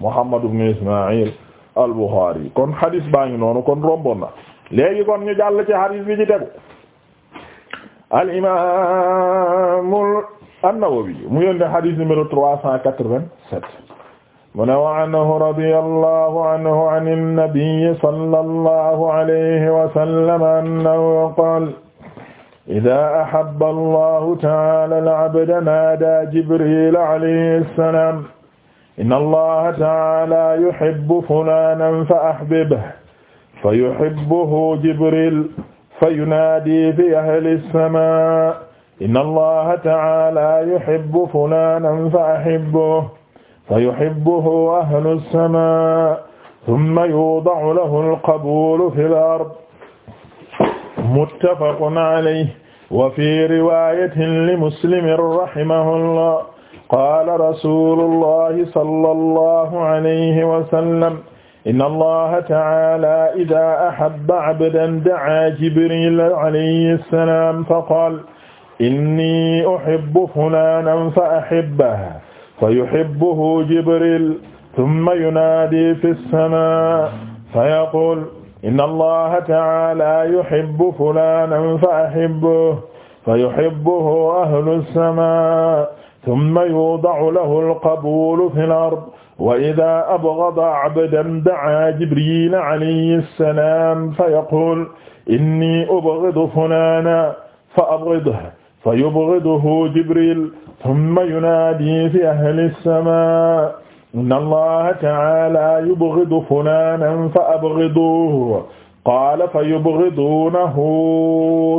Muhammad ibn Ismaïl al-Bukhari kon hadis baa ngi noonu kon rombon na léegi kon ñu jàll ci hadis bi ci tegu al imaam an-Nawawi mu yónne hadis numéro trois cent quatre-vingt-sept mu ne wa anhu radiyallahu anhu an an-nabi sallallahu alayhi wa sallam annahu qaala idaa ahabba allahu ta'aala al-'abda naadaa Jibriil alayhi salaam inna allaha taala yuhibbu fulanan fa ahbibhu fa yuhibbuhu jibril fa yunaadi fi ahli samaa inna allaha taala yuhibbu fulanan fa ahibbuhu fa yuhibbuhu ahlu samaa thumma yuuda'u lahu alqabuulu fil ard muttafaqun alayhi wa fi riwaayatin li muslimin rahimahullah qaala rasulullahi sallallahu alayhi wa sallam inna allaha ta'ala idha ahabba 'abdan da'a jibril alayhi salam fa qaala inni uhibbu fulanan fa ahibbahu fa yuhibbuhu jibril thumma yunaadi fi as-samaa'i fa yaquulu inna allaha ta'ala yuhibbu fulanan fa ahibbahu fa yuhibbuhu ahlu as-samaa'i tumma yuuda'u lahu alqabuulu fi l-ard wa idaa abghada abdan da'aa Jibriil alayhi salaam fa yaquul innii ubghidu fulaanan fa abghidhu fa yubghiduhu Jibriil tumma yunaadii fi ahli s-samaa inna Allaaha ta'aalaa yubghidu fulaanan fa abghiduuhu qaala fa yubghiduunahu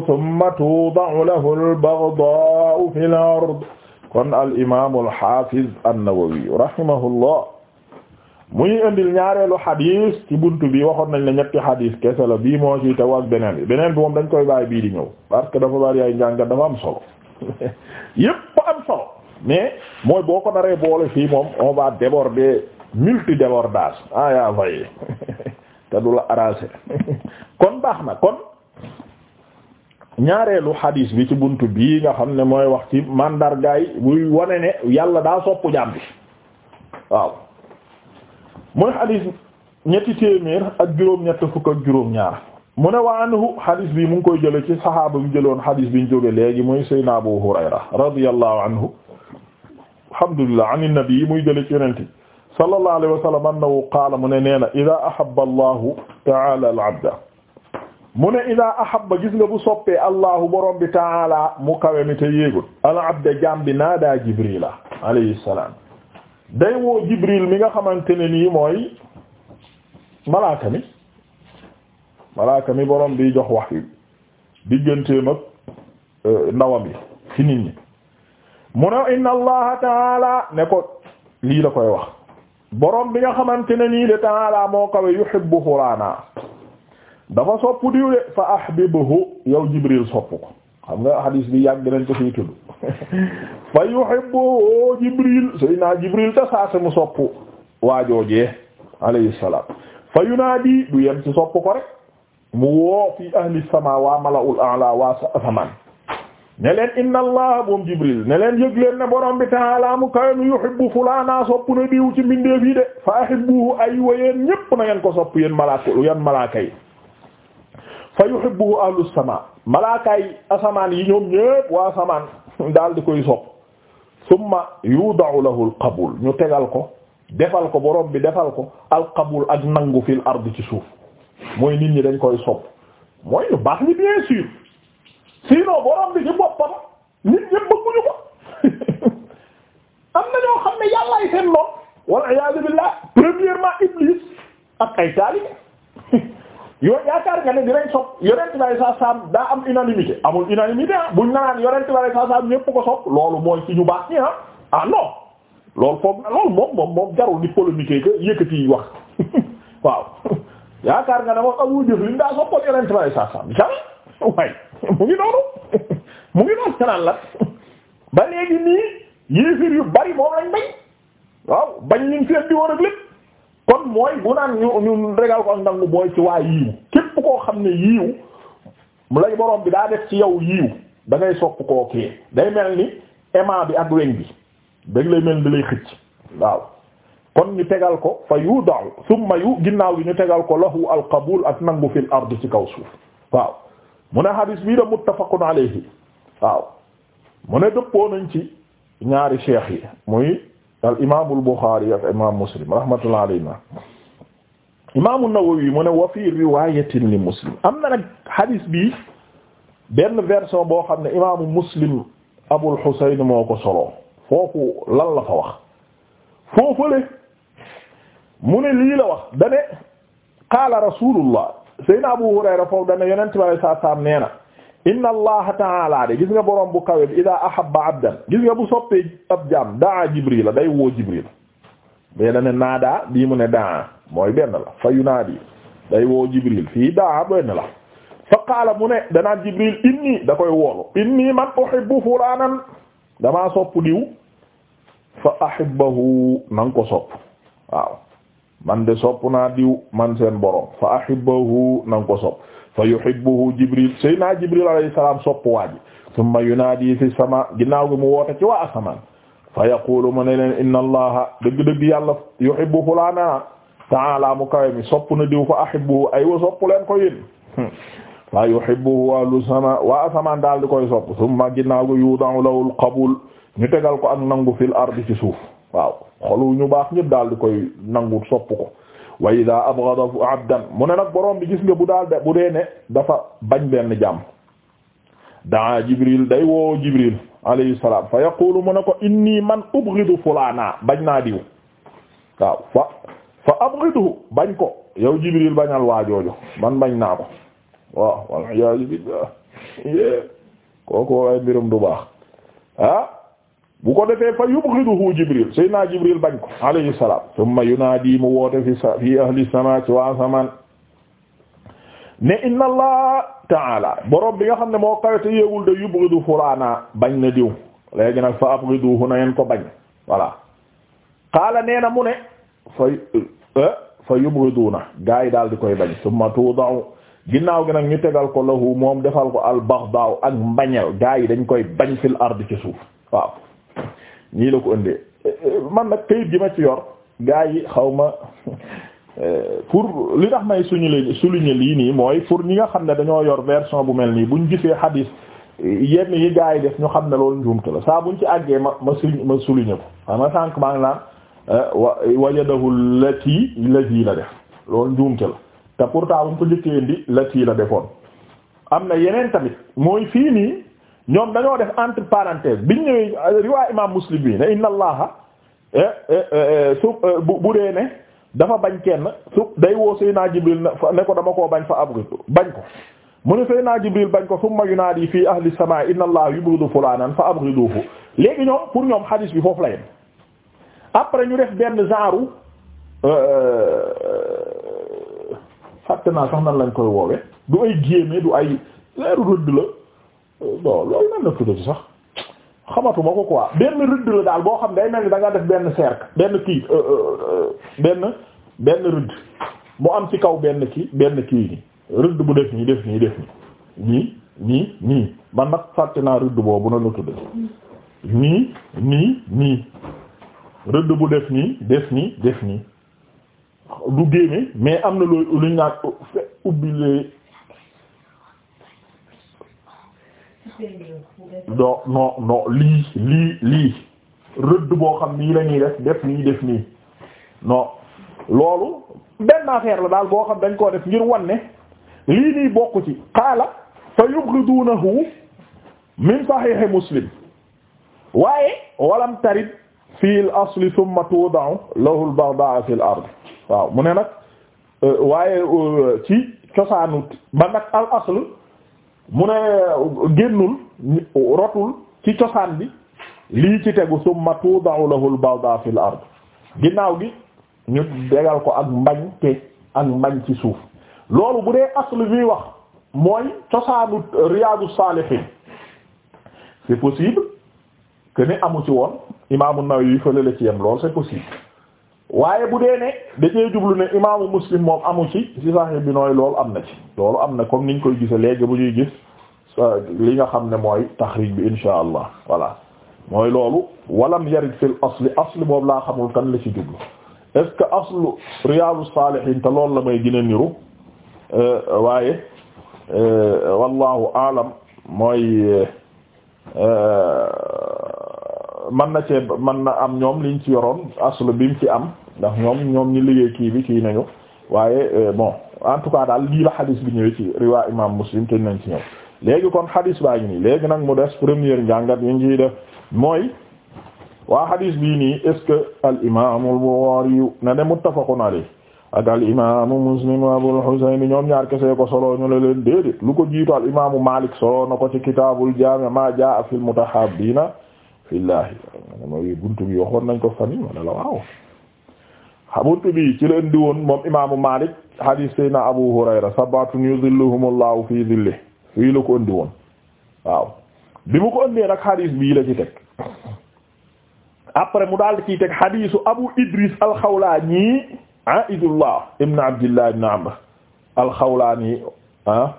tumma tuuda'u lahu al-baghdaa'u fi l-ard kon al imaam al haafiz an-Nawawi rahimahullah muy indil ñaareelu xadis ci buntu bi waxoon nañ la ñetti xadis kese la bii moo ci taw ak beneen bi beneen bi moom dañ koy bàyyi bii di ñëw parce que dafa bari ay njàngat dafa am solo yépp am solo mais mooy boo ko naree boole fii moom o va déborder multi débordage ah yaa fay te du la arrangé kon baax na kon. ñaareelu hadis bi ci buntu bii nga xam ne mooy waxti ci mandargaay buy wane ne yàlla daa sopp jaam bi waaw mooy hadis ñetti téeméer ak juróom-ñett fukk ak juróom-ñaar mu ne wa anhu hadis bi mu ngi koy jële ci saxaaba bi jëloon hadis bi ñu jóge léegi muy Seydina Abu Hurayra radiyallahu anhu alhamdulillah an nabi muy jële ci yonent sallallahu alayhi wa sallam annahu qaala mu ne nee na idaa ahabba allahu ta'ala al-abda mu ne ida ahabba gis nga bu soppee allahu borom bi taala mu kawe mi te yéegul al abda jaam bi naadaa jibrila alayhi salaam day woo jibril mi nga xamante ne nii mooy malaaka mi malaaka mi borom bi jox wax yi digganteem ak euh, ndawam yi ci nit mu ne inna allaha taala ne ko lii la koy wax borom bi nga xamante ne nii de taala moo kawe yuhibbu xuraana dafa soppu diw fa ahbibhu yow Jibril soppu ko xam nga hadis bi yàgg nañ ko fii tudd fa yuhibbu Jibril sayna Jibril ta saase mu soppu waajoojee alayhi salaam fa yunaadi du yem ci soppu ko rek mu woo fi ahli sama waa mala'ul a'la waa saman ne leen inna allah moom Jibril ne leen yëg leen ne borom bi ta'ala mu kaynu yuhibbu fulana soppu na diw ci mbindeef yi de fa ahibbuhu ay wa ñépp na ngeen ko soppu yéen malaaka yéen fa yuhibbuhu ahlu sama malaakaay asamaan yi ñoom ñépp waa asamaan daal di koy sopp yu yuda'u lahu al qabul ñu tegal ko defal ko borom bi defal ko al qabul ak nangu fil ard ci suuf mooy nit ñi dañ koy sopp mooy ñu baax ni bien sûr sinon borom bi ci boppam nit ñépp bëgguñu ko am na ñoo xam ne yàllaay seen lool wal iyaadu billah premièrement iblis ak ay taalibe yow yaakaar nga ne dinañ sopp yonent bi saa saam daa am unanimité amul unanimité ah buñ naan yonent bi saa saam ñépp ko sopp loolu mooy ci ñu baax ñi ah ah non loolu foog na loolu moom moom moom jarul di polémique que yëkkati wax waaw yaakaar nga ne moom Abu Jahl li daa soppoon yonent bi saa saam jamais waaye mu ngi noonu mu ngi noonu naan la ba léegi nii yéefir yu bari moom lañ bañ waaw bañ ñu fi di woon ak lépp. kon mooy bu naan ñu ñu regal ko ak nangu mooy ci waa yiiw képp koo xam ne yiiw lay borom bi daa def ci yow yiiw da ngay sopp koo kii day mel ni aimant bi ak weñ bi dégg lay mel ni lay xëcc waaw kon ñu tegal ko fa yu daaw summa yu ginnaaw gi ñu tegal ko lahu al qabul ak nangu fil ard ci kaw suuf waaw mu ne hadis bii da muttafaqun alayhi waaw mu ne dëppoo nañ ci ñaari cheikh yi muy. al imaamul Buxaari ak imaam Muslim rahmatullahi alayhima imaamu Nawawi mu ne wa fii riwaayatin li Muslim am na nag hadis bi benn version boo xam ne imaamu Muslim Abul Husayn moo ko solo foofu lan la fa wax foofule mu ne lii la wax da ne qaala Rasuulullah Seydina Abu Hurayra foofu da ne Yonent bi sallallahu alayhi wa sallam nee na inna allaha taala de gis nga borom bu kawe bi ida ahabba abdan gis nga bu soppee ab jaam daa jibrila day woo jibril mais da ne naadaa mu ne daa mooy benn la fa yunaadi day woo jibril fii daa benn la fa qaala mu ne danaan jibril inni da koy woolu inni man uhibbu fulanan damaa sopp diw fa ahibbahu nanga ko sopp waaw man de sopp naa diw man seen borom fa ahibbahu nanga ko sopp fa yuhibbuhu jibril sayna jibril alayhi salaam sopp waaji thumma yunaadi fi sama ginnaaw gi mu woote ci waa asamaan fa yaqulu mu ne leen inna allaha dëgg yàlla yuhibbu fulaana ta'ala mu kawe mi sopp na diw fa ahibbuhu aywa sopp leen ko yéen fa yuhibbuhu waalu sama waa asamaan daal di koy sopp thumma ginnaaw gi yuda'u lahul qabul ñu tegal ko ak nangu fil ardi ci suuf waaw xolu ñu baax ñëpp daal di koy nangu sopp ko wa ida abghada abdan mu ne nag borom bi gis nga bu daal bu dee ne dafa bañ benn jàmm daa jibril day woo jibril alayhi fa yaqulu mu ne ko inni man ubghidu fulana bañ naa diw fa fa abghidu bañ ko yow jibril bañal waajooju man bañ naa ko waaw wal iyaazu billah kooku ay mbirum du baax ah bu ko defee fa yubghiduhu Jibril Seydina Jibril bañ ko alayhi salaam thumma yunaadi mu woote fi sa fi ahli samaa ci waa samaan ne inna allah taala borom bi nga xam ne moo kawete yeewul de yubghidu fulaana bañ na diw léegi nag fa abghiduhu na ngeen ko bañ voilà qaala nee na mu ne fa eh, fa yubghiduna gaa yi daal di koy bañ thumma tuuda'u ginnaaw gi nag ñu tegal ko lahu moom defal ko al baghdaaw ak mbañeel gaa yi dañ koy bañ fil ard ci suuf nii la ko ëndee man nag kayit gi ma ci yor gaa yi xaw ma pour li tax may suñu souligner lii nii mooy pour ñi nga xam ne dañoo yor version bu mel nii buñ gisee xadiis yenn yi gaa yi def ñu xam ne lool njuumte la saa buñ ci àggee ma ma su ma souligner ko xam nga sànq maa ngi naan eh, wa wajadahu lati lati la def loolu njuumte la te pourtant buñ ko njëkkee indi lati la defoon am na yeneen tamit mooy fii nii. ñoom dañoo def entre bi biñ ñëwee euh, riwaay imam muslim bi ne inna allaha eh, eh, eh, su euh, bu bu dee ne dafa bañ kenn su day woo Seydina Jibril ne ko dama koo bañ fa abri bañ ko mu ne Seydina Jibril bañ ko summa yi fii ahli samaa inna allaha yubridu fulaanan fa abriduhu léegi ñoo pour ñoom hadis bi foofu la yem après ñu def benn genre euh, fàtte naa sax nan lañ koy woowe du ay géeme du ay leeru rëdd la bon loolu nan na tuddati sax xamatuma ko quoi benn rëdd la daal boo xam day mel ni da def benn cercle benn kii euh, euh, euh, benn benn rëdd mu am ci kaw benn kii benn kii ni rëdd bu def nii def nii def nii nii nii man nag fàtte rëdd boobu na la tuddati nii rëdd bu def nii def nii def nii du génne mais am na lu luñ naan ubbi non non non lii lii lii rëdd boo xam nii la ñuy def def nii def nii non loolu benn affaire la daal boo xam dañ koo def ngir wanne lii nii bokku ci qaala fa yubghidunahu min sahihi muslim waaye walam tarid fi l asli thumma tuuda'u lahu al baghda'u fi ard waaw mu ne nag euh, waaye euh, ci cosaanu ba al asl mu ne génnul rotul ci cosaan bi lii ci tegu summa tuuda'u lahu al-balda fil ard ginnaaw gi ñu degal ko ak mbañ te ak mbañ ci suuf loolu bu dee aslu bi wax mooy cosaanu riyaadu saalihiin c'est possible que amu ci woon imaamu Nawawi fële la ci yem loolu c'est possible waaye bu dee ne da cee jublu ne imaamu muslim moom amu ci ci saxi bi nooy loolu am na ci loolu am na comme ñu koy gise léegi bu ñuy gis li nga xam ne mooy taxrij bi insha allah voilà mooy loolu walam yarid fil asli asli boobu laa xamul kan la ci jublu est ce que aslu riyadu salihin te loolu la may gën niru euh, waaye euh, wallahu alam mooy euh, man na cee mën na am ñoom liñ ci yoroon aslu bi mu ci am ndax ñoom ñoom ñi liggéey kii bi kii nañu waaye euh, bon en tout cas daal lii la bi ñëwee ci riwaa imam muslim te nañ ci ñëw léegi kon hadis baa ngi nii léegi nag mu des première njàngat yi ngi def mooy waa hadis bii nii est ce que al imam al Bukhari na ne muttafaqun alayhi ak al imaamu muslim abul husayn ñoom ñaar kese ko solo ñu la leen déedéet lu ko jiitu al imaamu malik solo na ko ci kitaabul jaami ma jaa fil mutahabbiina fillahi mooy buntu bi waxoon nañ ko fan yi ma buntu bi ci la indi woon moom imaamu Malik hadith sayna Abu Hurayra sabatun yuzilluhumullahu fi dhillihi fii la ko indi woon waaw bi mu ko indee nag hadith bii la ci teg après mu daal di ciy teg hadithu Abu Idris al-Khawlani Aidullah ibn Abdillah ibn Amr al-Khawlani ah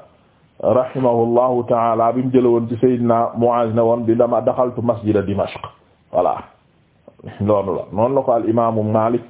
rahimahullahu ta'ala bi mu jëlee woon ci Seydina Muaz ne woon bi dama daxaltu masjida Dimashq voilà loolu la noonu la ko al imaamu Malik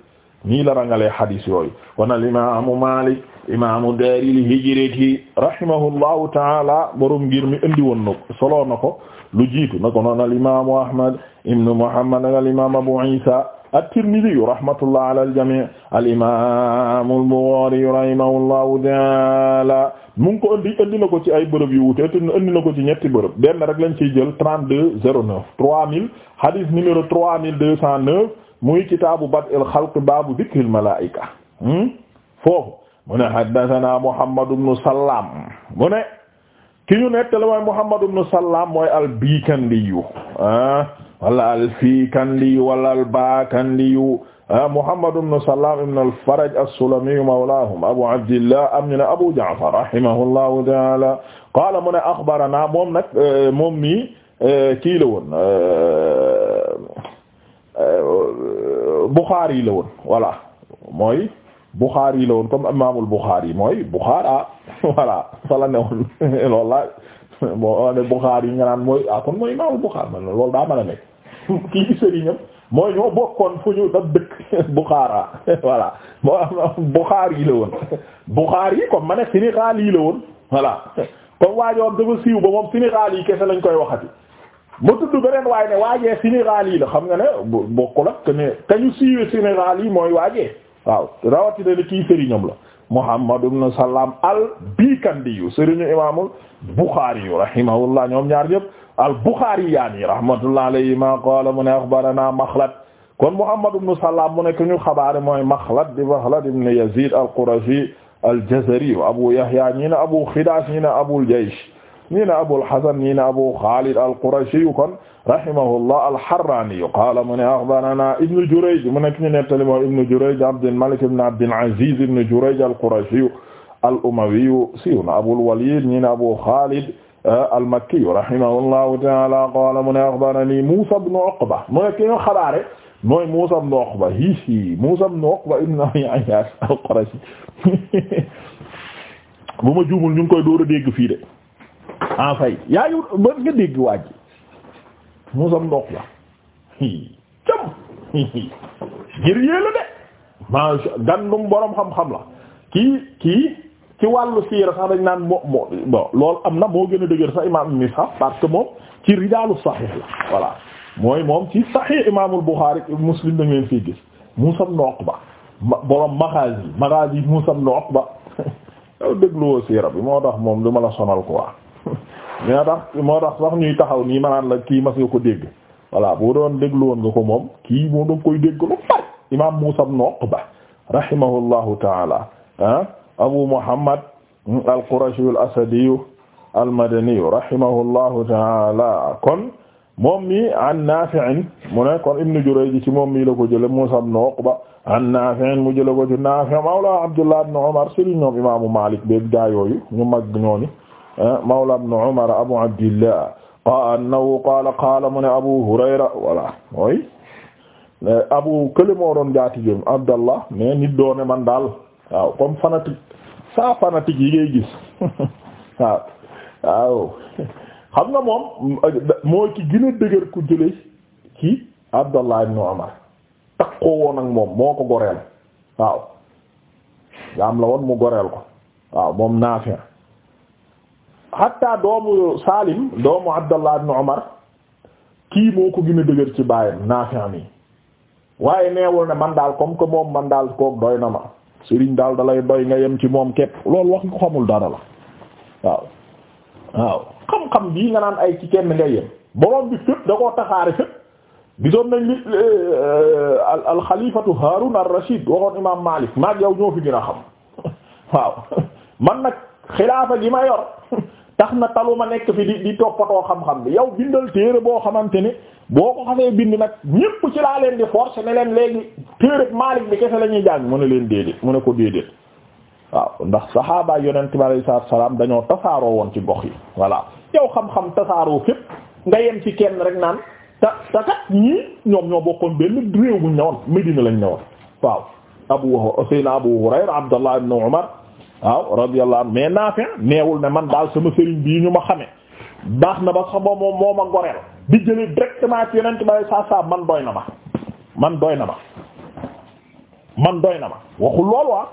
nii la rangalee hadis yooyu kon al imaamu Maalik imaamu daaril hijrati rahimahullahu taala borom ngir mi indi woon na solo na ko lu jiitu na ko noon al imaamu Ahmad ibnu Muhammad al imaamu Abu Isa at-Tirmidhi ala al-jamii al imaamu al taala mu ngi ko indi indi na ko ci ay bërëb yu wuute te indi na ko ci ñetti bërëb benn rek lañ ciy jël 32 09 3000 hadis numéro 3209 muy kitaabu bad'il xalq baabu dikril malaa'ika hmm? foofu mu ne haddathana Muhammad ibn Sallaam mu ne ki ñu nettali mooy Muhammad ibn Sallaam mooy al-Biikandiyu ah? wala al-Fiikandiyu wala al-Baakandiyu ah, Muhammad ibn Sallaam ibn al-Faraj as-Sulamiyu mawlaahum Abu Abdillah am ñu ne Abu Ja'far rahimahullahu ta'aala qaala mu ne axbaranaa moom nag eh, moom mi eh, kii la woon eh, Euh, Bukhari yi la woon voilà mooy Bukhari yi la woon comme imaamul Bukhari yi mooy Bukhara voilà fa la ne woon loolu la boo ne Bukhari yi nga naan mooy ah kon mooy imaamul Bukhari man loolu daa mën a nekk kii sëriñam mooy ñoo bokkoon fu ñu daf dëkk Bukhara voilà moo am Bukhari yi la woon Bukhari yi comme ma ne Sénégal yi la woon voilà comme waajoo dafa siiw ba moom Sénégal yi kese lañ koy waxati ma tudd beneen waaye ne waajee Sénégal yi la xam nga ne bokkul ak ne ka ñu siiwee Sénégal yi mooy waajee waaw rawatina ne kii sëriñam la Muhammad ibn Salam al-Bikandi yu sëriñu imaamul Bukhari yu rahimahullah ñoom ñaar ñëpp al-Bukhari yaani rahmatullah alayhi ma qaala mu ne akhbarana Makhlad kon Muhammad ibn Salam mu ne ku ñu xabaare mooy Makhlad di Makhlad ibn Yazid al-Qurashi al-Jazari Abu Yahya ñi na Abu Khidash ñi na Abul Jaysh ñii ne Abul Hasan ñii ne Abu Xaalid al-Qurashi kon rahimahullah al-Harrani qaala mu ne axbaranaa Ibn Jurayj mu nekk ñu nettali moom Ibn Jurayj Abdul Malik ibn Abdul Aziz Ibn Jurayj al-Qurashi al-Umawi siiw na Abul Walid ñii ne Abu Xaalid eh, al-Makki rahimahullahu ta'aala qaala mu ne axbaranii Muusaa ibn Uqba mu nekk ñu xabaare mooy Muusaa ibn Uqba hihi Muusaa ibn Uqba ibn Abi Ayyaash al-Qurashi bu ma juumul ñu ngi koy door a dégg fii de. en fay yaayu ba nga dégg waaj muusam ndox la cam ngir yéela de ma gandum borom xam-xam la kii kii ci wàllu siira sax dañ naan moo moo bon am na moo gën a dëgër sax imam mi sax parce que moom ci rijaalu sahih la voilà mooy moom ci sahih imaamul Buxaari Muslim da ngeen fii gis Muusa ibn Uqba borom Maghazi Maghazi Muusa ibn Uqba yow dégluwoo siira bi moo tax moom du ma la sonal quoi dina tax moo tax ñuy taxaw nii manaan la kii mas nga ko dégg voilà boo doon déglu woon nga ko moom kii moo koy dégg lu bari imam Muusa ibn Uqba rahimahullahu taala ah Abu Muhammad al-Qurashi al-Asadi al-Madani rahimahullahu taala kon moom mi an Nafi' mu ne kon Ibn Jurayj ci moom mi la ko jële Muusa ibn Uqba an Nafi' mu jële ko ci Nafi' mawla Abdullah ibn Umar ñoom imaamu Malik beeg gaa ñu mag ñooñu Ah, mawla ibn Umar abu abdillah ah, annahu qaala qaala mu ne abu hurayra voilà mooy abu kële moo doon jaatigéem abdallah mais nit doone man daal waaw comme fanatique saa fanatique yi ngay gis waaw waaw xam nga moom mooy ki gën dëgër ku jële ci abdallah ibn Umar takkoo woon ak moom moo ko goreel waaw nga am la woon mu goreel ko waaw moom Naafi' hatta doomu Salim doomu Abdallah ibn Umar kii moo ko gën a dëgër ci baayam Naafi' mi waaye neewul ne man daal comme que moom man daal kook doy na ma sëriñ daal dalay doy nga yem ci moom képp loolu wax nga xamul dara la waaw waaw xam-xam bii nga naan ay ci kenn nga yem borom bi fépp da koo taxaare fépp gisoon nañ eh, eh, al xalifatu Haarun ar-Rashid waxoon imaam Maalik maag yow ñoo fi gën a xam waaw man nag xilaafa gi ma yor tax na taluma nekk fi di di toppatoo xam-xam bi yow bindal téere boo xamante ni boo ko xamee bind nag ñépp ci laa leen di force ne leen léegi téere Maalik bi kese la ñuy jàng mu ne leen déedéet mu ne ko déedéet waaw ndax saxaabaa yonent bi alayhi salaatu salaam dañoo tasaaroo woon ci gox yi voilà yow xam-xam tasaaroo képp nga yem ci kenn rek naan te te ñii ñoom ñoo bokkoon benn réew bu ñu ñëwoon Medina lañ ñëwoon waaw Abu Seyna Abu Hurayra Abdallah waaw radiyallahu anhu mais Naafi neewul ne man daal sama sëriñ bii ñu ma xamee baax na ba xam moom moo ma goreel di jëlee directement ci yonent ba saa saa man doy na ma man doy na ma man doy na ma waxul loolu ah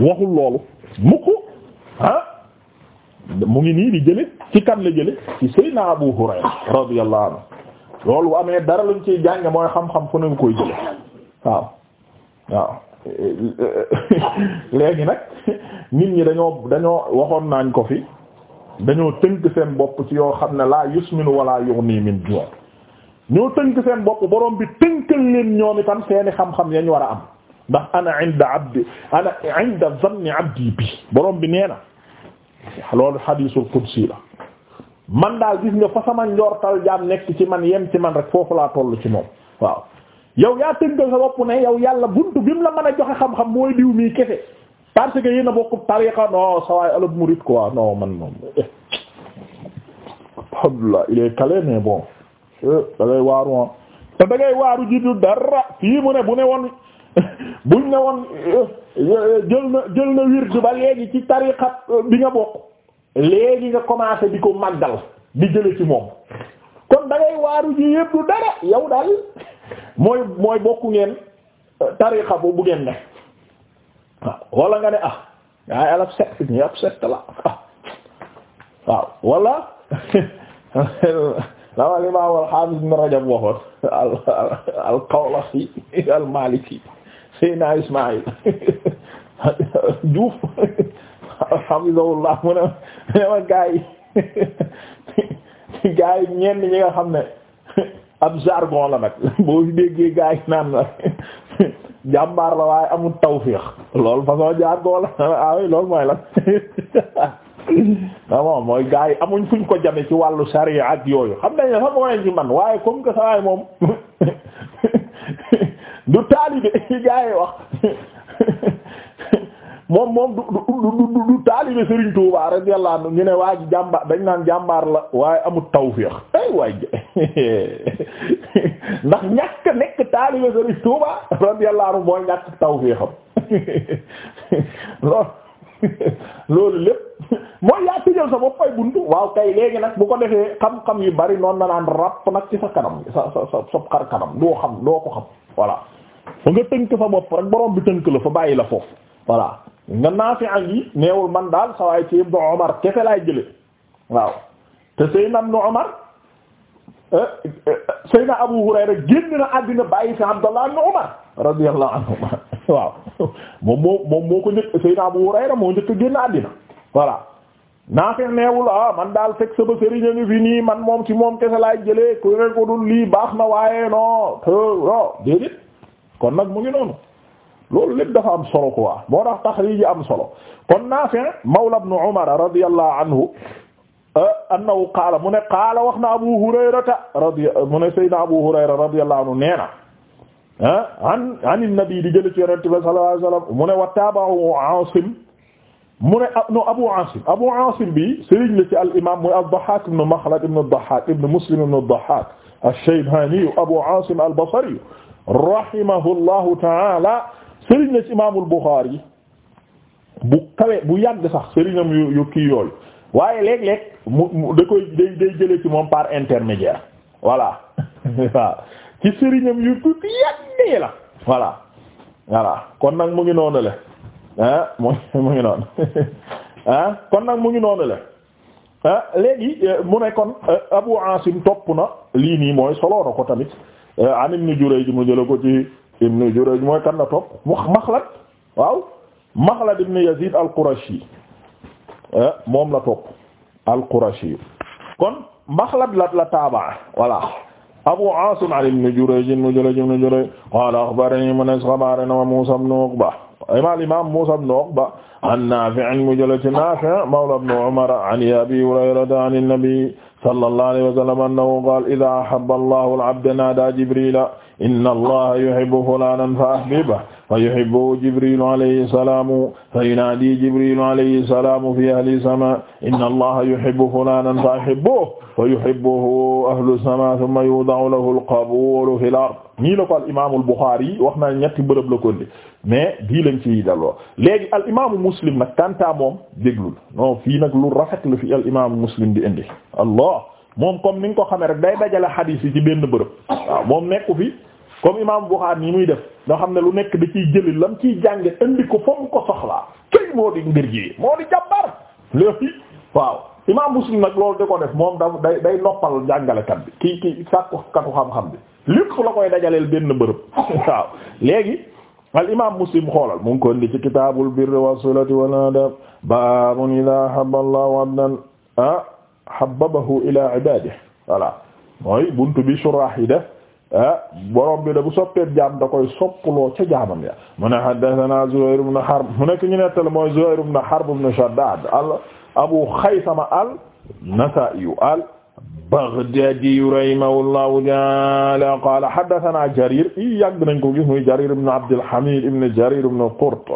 waxul loolu mukk ah mu ngi nii di jële ci kan la jële ci Seydina Abu Hurayra radiyallahu anhu loolu amee dara luñ ci jànge mooy xam-xam fu ne nga koy jële waaw waaw Euh, euh, euh, léegi nag nit ñi dañoo dañoo waxoon nañ ko fi dañoo tënk seen bopp ci yoo xam ne laa yusminu wala yughni min ju' ñoo tënk seen bopp borom bi tënkal leen ñoom itam seeni xam-xam yañ war a am ndax ana inda abdi ana inda zanni abdi bi borom bi nee na loolu hadiisul qudsi la man daal gis nga fa sama njortal jaam nekk ci man yem ci man rek foofu laa toll ci moom waaw yow yaa tënkal sa bopp ne yow yàlla buntu bi mu la man a joxe xam-xam mooy diw mii kese parce que yéen a bokk tariqa non sa waay alab murid quoi non man moom eh. alhamdulillah il est calé mais bon da ngay waaru woon ah. te da ngay waaru jiitu dara fii mu ne bu ne woon buñ ne woon eh, eh, jël na jël na wirdu ba léegi ci tariqa bi nga bokk léegi nga commencé di ko dal di jële ci moom kon da waaru ji yëpp du dara yow daal mooy mooy bokku ngeen euh, tariqa bu bu ngeen ne waaw ah, wala nga ne ah yaa ngi àll ab secte ñu la ah, waaw wala dama li ma wax Hafiz ibn Rajab waxoon al al Qawlaxi al Maliki Seyna Ismaïl Diouf alhamdulillah mu ne ma gaa yi gaa yi ñenn ñi nga xam ne. ab jargon la nag boo déggee gaa naan la jàmbaar la waaye amul tawféex lool façon jargon la ah oui mooy la non ah gaa yi amuñ fuñ ko jame ci wàllu sariya ak yooyu xam nañ ne waaye comme que saa yi moom du taalibe gaa wax moom moom du du du du taalibe Serigne Touba radiyallahu anhu ñu ne waa ji dañ naan jàmbaar la waaye amul tawfiix waay ndax ñàkk nekk taalibe Sëriñ Tuuba radiyallahu mooy ñàkk tawfiixam loolu loolu lépp mooy yaa tëjal sa bopp ay buntu waaw kay léegi nag bu ko defee xam-xam yu bari noon na naan ràpp nag ci sa kanam sa sa sa sob xar kanam doo xam doo ko xam voilà fa nga tënk sa bopp rek borom bi tënk la fa bàyyi la foofu voilà nga naafi ak yi neewul man daal sawaay ci Ibnu Umar kefe laay jële waaw te Seydina Ibnu Umar Seyna Abu Hurayra génn na àddina bàyyi fi Abdallah ibn Umar radiyallahu anhuma waaw moom moo moo ko njëkk Seyna Abu Hurayra moo njëkk génn àddina voilà naafe neewul ah man daal fekk sama sëriñ a ngi fi nii man moom ci moom kese laay jëlee ko dul lii baax na waaye noo te kon nag mu ngi noonu loolu lépp dafa am solo quoi moo tax taxriij am solo kon naafe mawla ibn Umar radiyallahu anhu annahu qaala mu ne qaala wax na Abu Hurayrata radi mu ne Seydina Abu Hurayra radiyallahu anhu nee na ah an an nabi di jële ci yonente bi sallallahu alayhi wasallam mu ne wa tabahu Asim mu ne no Abu Asim Abu Asim bi sëriñ la ci al imam muy ad-Dahhak ibn Makhlad ibn ad-Dahhak ibn Muslim ibn ad-Dahhak ash-Shaybani Abu Asim al-Basri rahimahullahu ta'ala sëriñ la ci imam al-Bukhari bu kawe bu yàgg sax sëriñam yu yu kii yooyu waaye léeg-léeg mu da koy day day jëlee ci moom par intermédiaire voilà waaw ci sëriñam yu tuuti yàgg la voilà voilà kon nag mu ngi noonu le ah mu ngi noonu ah kon nag mu ngi noonu le ah léegi euh, mu ne kon euh, Abu Asim topp na lii nii mooy solo na ko tamit euh, an Ibn Jurayj mu jëla ko ci Ibn Jurayj mooy kan la topp Maxlad waaw Maxlad ibn Yazid al-Qurashi Eh, moom la topp al-Qurashi kon Maxlad la la taaba voilà Abu Aasim an Ibn Jurayj ibn Jurayj ibn Jurayj qaala axbaranii man axbaranaa Muusaa ibn Uqba imaam Muusaa ibn Uqba an Naafi' mu jële ci Naafi' mawlaa ibn Umar an Abii Hurayrata an an-Nabii sallallaahu alayhi wa sallam annahu qaala izaa ahabba Allaahu al-'abda naadaa Jibriila inna Allaaha yuhibbu fulaanan fa ahbibhu fa yuhibbu jibrilu alayhi salaam fa yunaadi jibrilu alayhi salaam fi ahli sama inna allaha yuhibbu fulanan fa yuhibbuhu fa yuhibbuhu ahlu sama thumma yuuda'u lahu al-qabuulu fil ard nii la ko al imaamu al-Buxaari wax na ñetti bërëb la ko indi mais bii lañ ciy delloo léegi al imaamu Muslim nag kanta moom déglul non fii nag lu rafet la fi al imaamu Muslim di indi allah moom comme ni nga ko xamee rek day dajale xadiis yi ci benn bërëb waaw moom nekku fi comme imam Bukhari ni muy def nga xam ne lu nekk di ci jëli lam ciy jànge indi ko foofu ko soxlaa këy moo di ngir ji moo di jàmbar léegi waaw Muslim nag loolu da ko def moom da day day noppal jàngalekat bi kii kii sàkku katu xam-xam bi lépp la koy dajaleel benn bërëb waaw léegi al imam Muslim xoolal mu ngi ko indi ci kitaabul birri wasilati wal adab babun ida habba allahu abdan ah hababahu ila ibadihi voilà mooy buntu bi shurah yi def borom bi da bu soppeeb jaam da koy soppaloo ca jaamam ya mu ne haddathana Zuhayr ibn Harb mu nekk ñu nettale mooy Zuhayr ibn Harb ibn Shaddad al Abu Khaythama al Nasa'i al Baghdadi rahimahullahu ta'ala qala haddathana Jarir i yàgg nañ ko gis muy Jarir ibn Abd al-Hamid ibn Jarir ibn Qurt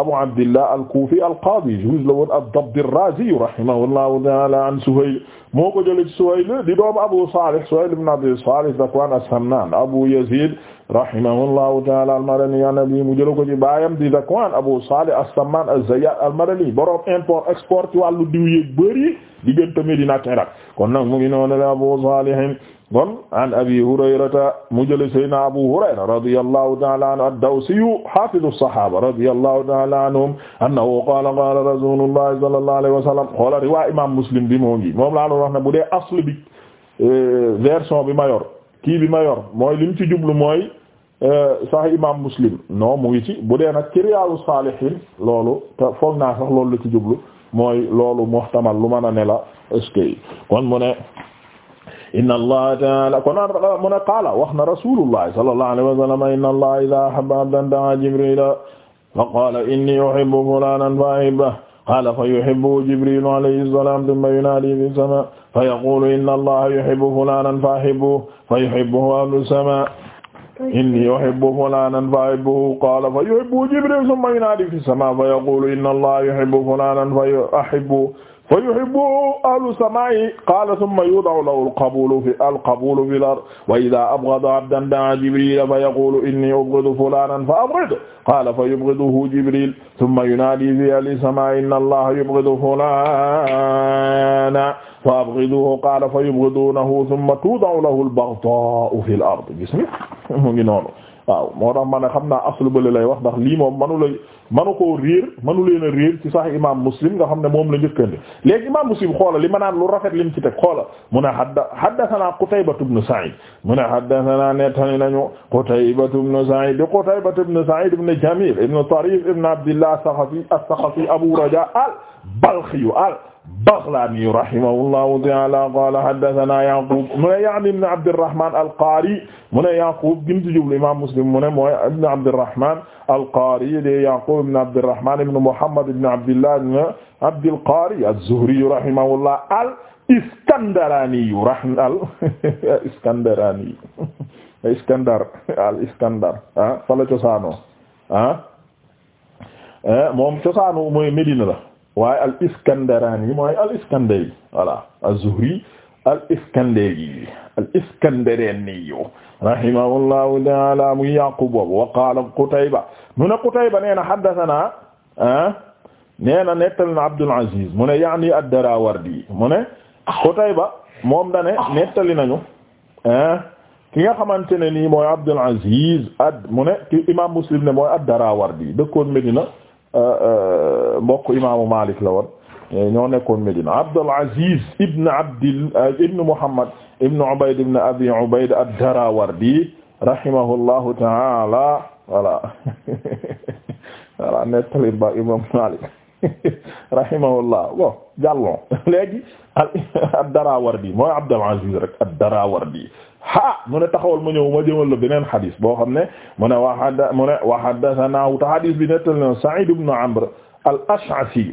Abu Abdillah al-Kufi al-Qadi juge la woon ad-Dabbi ar-Razi rahimahullahu ta'ala an Suhayl moo ko jëlee ci Suhayl di doomu Abu Salih Suhayl ibn Abi Salih Zakwan as-Samman Abu Yazid rahimahullahu ta'ala al-Madani an abi mu jëlee ko ci baayam di Zakwan Abu Salih as-Samman az-Zayyat al-Madani borom import export ci wàllu diw yi bëri diggante Médina ak Irak kon nag mu ngi noonu Abu Salih kon an abi hurayrata mu jële saydna abu hurayra radiyallahu taala anhu ad-dawsiyu hafidu sahaba radiyallahu taala anhum annahu qaala qaala rasulullahi sallallahu alayhi wa sallam riwaa imam muslim bi moo ngi moom laa wax ne bu dee asl bi euh, version bi ma yor kii bi ma yor mooy lim ci jublu mooy euh, sax imam muslim non mu ngi ci bu dee nag ci riyaadu saalihiin loolu te foog naa sax loolu ci jublu mooy loolu muhtamal lu mën a ne la inna allah taala kon euh, mu ne qaala wax na rasulullah sallallahu alayhi wa sallam inna allah idha ahabba abdan da'a jibrila fa qaala inni uhibbu fulanan fa ahibbahu qaala fa yuhibbuhu jibrilu alayhi salam thumma yunadi fi sama fa yaqulu inna allaha yuhibbu fulanan fa ahibbuhu fa yuhibbuhu ahlu sama inni uhibbu fulanan fa ahibbuhu qaala fa yuhibbuhu jibrilu thumma yunadi fi sama fa yaqulu inna allaha yuhibbu fulanan fa ahibbuhu fa yuhibbu ahlu samaa'i qaala summa yuuda'u lahu alqabuulu fi alqabuulu fil ard wa idaa abghada abdan da'a jibriila fa yaquulu innii ubghidu fulaanan fa abghidhu qaala fa yubghiduhu jibriil summa yunaadii fi ahli samaa'i inna allaha yubghidu fulaanan fa abghidhuhu qaala fa yubghiduunahu summa tuuda'u lahu albaghdaa'u fil ard gis nga mu ngi noonu waaw moo tax man a xam naa aslu bële lay wax ndax lii moom manu la manu koo réer manu leen a réer ci sax imam muslim nga xam ne moom la njëkkandi léegi imam muslim xoola li ma naan lu rafet lim ci teg xoola mu ne hadda haddathana qutaybatu ibn sa'id mu ne haddathana nettani nañu qutaybatu ibn sa'id di qutaybatu ibn sa'id ibn jamil ibn tarif ibn abdillah as-sakhafi as-sakhafi abu raja al balkhi al Baghlaani rahimahullahu ta'ala qala haddathana Yaqub mu ne yaani ibn Abdirrahman al-Qari mu ne Yaqub gim ci jublu imam Muslim mu ne mooy ibn Abdirrahman al-Qari de Yaqub ibn Abdirrahman ibn Muhammad ibn Abdillah ibn Abdil Qari az-Zuhri rahimahullah al-Iskandarani al-Iskandarani Iskandar al-Iskandar ah fala cosaano ah eh, moom cosaanu mooy Medina la waaye al iskandaraan yi mooy al iskandari voilà az-Zuhri al iskandari al iskandarani rahimahullahu ta'ala Yaqub wa qala Qutayba mu ne Qutayba nee na haddathana ah nee na nettal Abdul Aziz mu ne yaani ad-Darawardi mu ne Qutayba moom da nettali nañu ah ki nga xamante ne nii mooy Abdul Aziz ad mu ne imaam Muslim ne mooy ad-Darawardi dëkkoon Medina Euh, euh, mbokk imaamu Malik la woon eh, ñoo nekkoon Medina Abdul Aziz ibn Abdil euh, Muhammad ibn Ubayd ibn Abi Ubayd ad-Darawardi rahimahullahu ta'ala voilà voilà nettali ba imam Malik rahimahullah bon jàllon léegi ad-Darawardi mooy Abdul Aziz rek ad-Darawardi ha mu ne taxawal ma ñëw ma jëmal la beneen xadis boo xam ne mu ne waxada mu ne waxaddasanaa wuta xadis bi nettal na Sa'id ibn Amr al-Ash'asi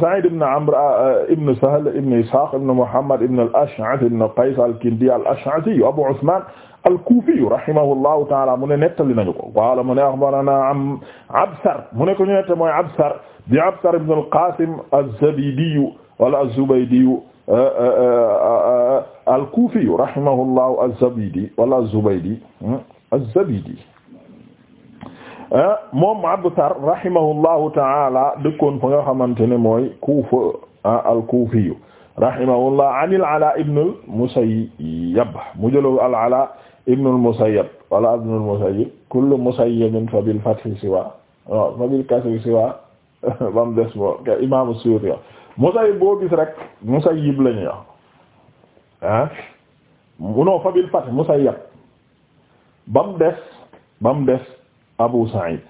Sa'id ibn Amr euh, ibn Sahl ibn Ishaq ibn Muhammad ibn al-Ash'ath ibn Qays al-Kindi al-Ash'asi Abu Usman al-Kufi rahimahullahu ta'ala mu ne nettali nañu ko qaala mu ne axbaranaa am Absar mu ne ko ñu nette mooy Absar di Absar ibn al-Qasim az-Zabidi wala az-Zubaydi Euh, euh, euh, al-Kufi rahimahullahu az-Zabidi wala az-Zubaydi hmm, az-Zabidi moom Abou Sarr rahimahullahu ta'ala dëkkoon fa nga xamante ne mooy Kufa ah, al-Kufi rahimahullah an al-Ala ibn al-Musayyab mu jëloon al-Ala ibn al-Musayyab wala ibn al-Musayyib kullu musayyibin fa bil fathi siwa fa bil kasri siwa bam des bo imam as-Suyuti Musayyib boo gis rek Musayyib la ñuy wax ah fabil fat Musayyab ba mu des ba mu des Abu Sa'id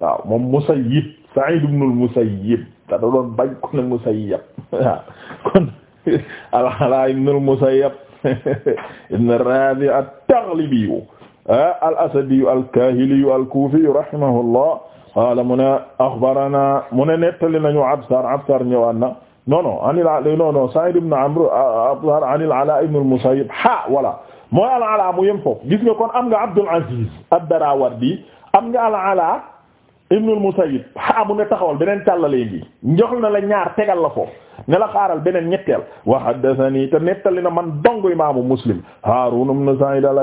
waaw moom Musayyib Sa'id ibn al-Musayyib da doon bañ ko ne Musayyab waaw kon al-Ala ibn al-Musayyab ibn Rabi' at-Taghlibi al-Asadi al-Kahili al-Kufi rahimahullah qaala mu ne axbarana mu ne nettali nañu Absar Absar ñëwaat na non non anil non non Sa'id ibn Amr Absar anil Ala ibn al-Musayyib ha voilà mooy al-Ala mu yem foofu gis nga kon am nga Abdul Aziz ad-Darawardi am nga al-Ala ibn al-Musayyib ha mu ne taxawal beneen tàllalee gi njox na la ñaar tegal la foofu ne la xaaral beneen ñetteel wa haddathani te nettali na man dong imaamu Muslim Haarun ibn Sa'id al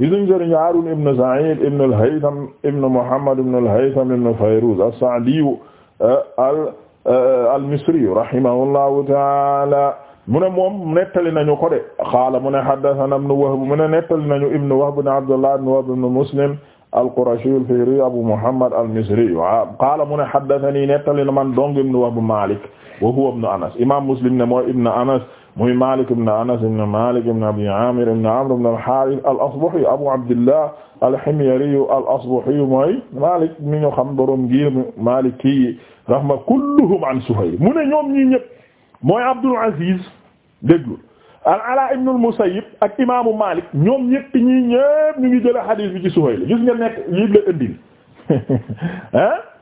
isuñ sëriñ Haarun ibn Sa'iid ibn al-Haytham ibn Muhammad ibn al-Haytham ibn Fayruz as-Sa'di uh, al uh, al-Misri rahimahullahu ta'ala mu ne moom nettali nañu ko de qaala mu ne haddathanaa ibn Wahb mu ne nettali nañu ibn Wahb ibn Abdullah ibn Wahb ibn Muslim al-Qurashi al-Fihri Abu Muhammad al-Misri qaala mu ne haddathanii nettali na man dong ibn Wahb Maalik wa huwa ibn Anas imaam Muslim ne mooy ibn Anas muy Malik ibn Anas ibn Malik ibn Abi Amir ibn Amr ibn al-Harith al-Asbahi Abu Abdillah al-Himyari al-Asbahi mooy Malik mi ñu xam borom ngir Maliki rahma kulluhum an Suhayl mu ne ñoom ñi ñëpp mooy Abdul Aziz déglu al-Ala ibn al-Musayyib ak imaamu Malik ñoom ñëpp ñi ñëpp ñu ngi jël hadith bi ci Suhayl gis nga nekk yii la indi ah